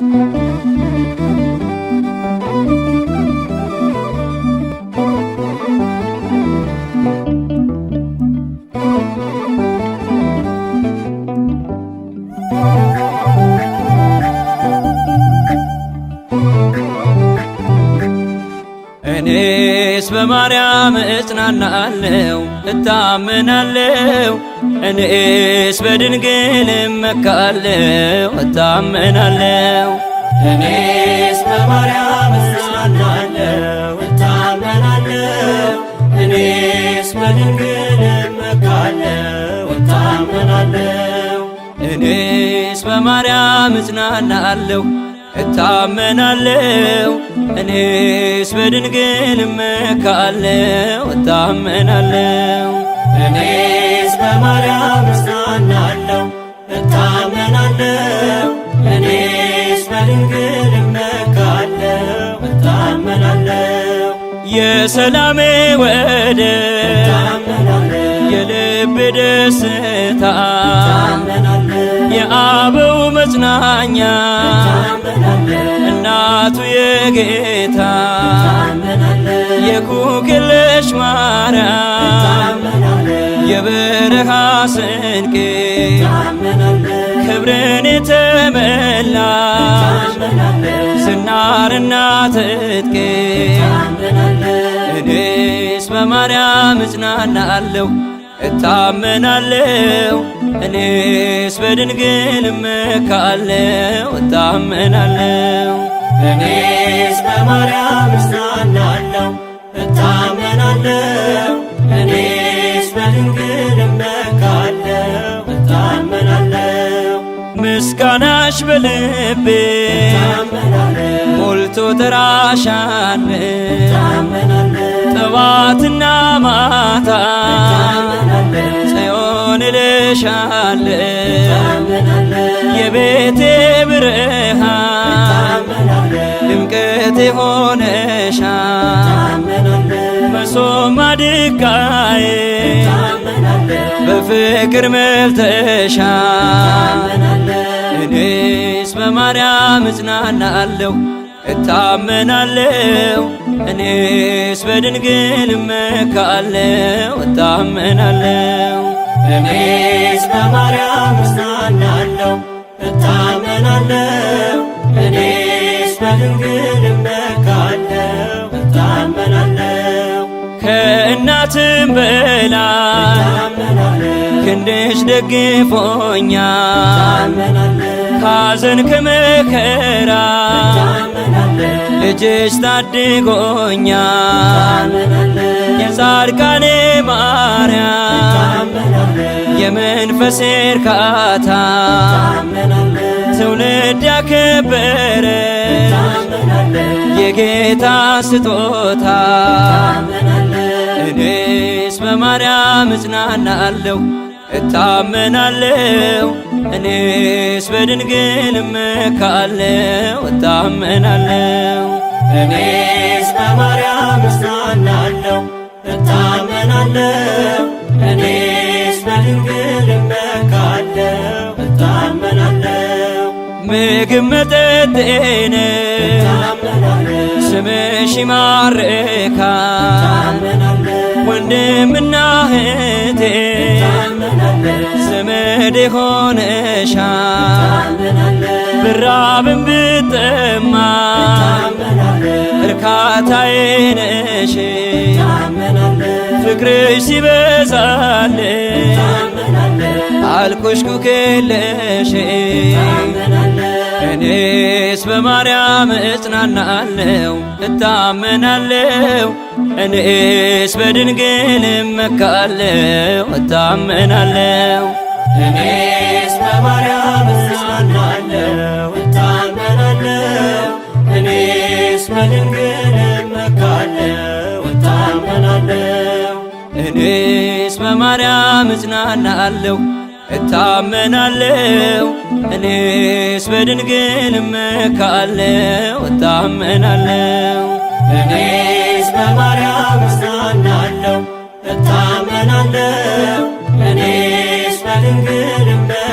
Thank you. እኔስ በማርያም እጽናናለሁ እታመናለሁ። እኔስ በድንግል እመካለሁ እታመናለሁ። እኔስ በማርያም እጽናናለሁ እታመናለሁ። እኔስ በድንግል እመካለሁ እታመናለሁ። እኔስ በማርያም እጽናናለሁ እታመናለሁ እኔስ በድንግል እመካለሁ እታመናለው እኔስ በማርያም እጽናናለሁ እታመናለው እኔስ በድንግል እመካለሁ እታመናለው እኔስ በማርያም እጽናናለሁ እታመናለው። እኔስ በድንግል እመካለሁ እታመናለሁ እኔስ በማርያም እጽናናለሁ እታመናለሁ እኔስ በድንግል እመካለሁ እታመናለሁ የሰላሜ ወደብ የልብ ደስታ የአበው መጽናኛ በምሕረቱ የጌታ የኩክለሽ ማርያም የበረሃ ስንቄ ክብርን የተመላ ዝናርና ትጥቄ እኔስ በማርያም እጽናናለሁ እታመናለሁ እኔስ በድንግል እመካለሁ እታመናለሁ እኔስ በማርያም እጽናናለሁ እታመናለሁ እኔስ በድንግል እመካለሁ እታመናለሁ ምስጋናሽ በልቤ ሞልቶ ተራሻን ጠዋትና ማታ ጽዮን ልሻለ የቤቴ ብርሃን ሞገት የሆነሻል መሶም ማድጋዬ በፍቅር መልተሻል። እኔስ በማርያም እጽናናለሁ እታመናለሁ እኔስ በድንግል እመካለሁ እታመናለሁ እኔስ በማርያም እጽናናለሁ እታመናለሁ እኔ በድንግል እመካለሁ እታመናለሁ ከእናትም በላይ ክንድሽ ደግፎኛል ካዘን ከመከራ ልጅሽ ታድጎኛል የጻድቃኔ ማርያም የመንፈሴ እርካታ ትውልድ ያከበረ በጌታ ስጦታ እኔስ በማርያም እጽናናለሁ እታመናለሁ እኔስ በድንግል እመካለሁ እታመናለሁ እኔስ በማርያም እጽናናለሁ እታመናለሁ እኔስ በድንግል እመካለሁ እታመናለሁ ምግብ መጠጤነ ስምሽ ይማርካል ወንድምና እህቴ ዘመድ ሆነሻ ብራብን ብጠማ እርካታዬ ነሽ ፍቅርሽ ሲበዛል አልኩሽ ኩኬለሽ እኔስ በማርያም እጽናናለው እታመናለው እኔስ በድንግል መካለው እታመናለው እኔስ በማርያም በስመ ማርያም እጽናናለሁ እታመናለሁ እኔስ በድንግል እመካለሁ እታመናለሁ እኔስ በማርያም እጽናናለሁ እታመናለሁ እኔስ በድንግል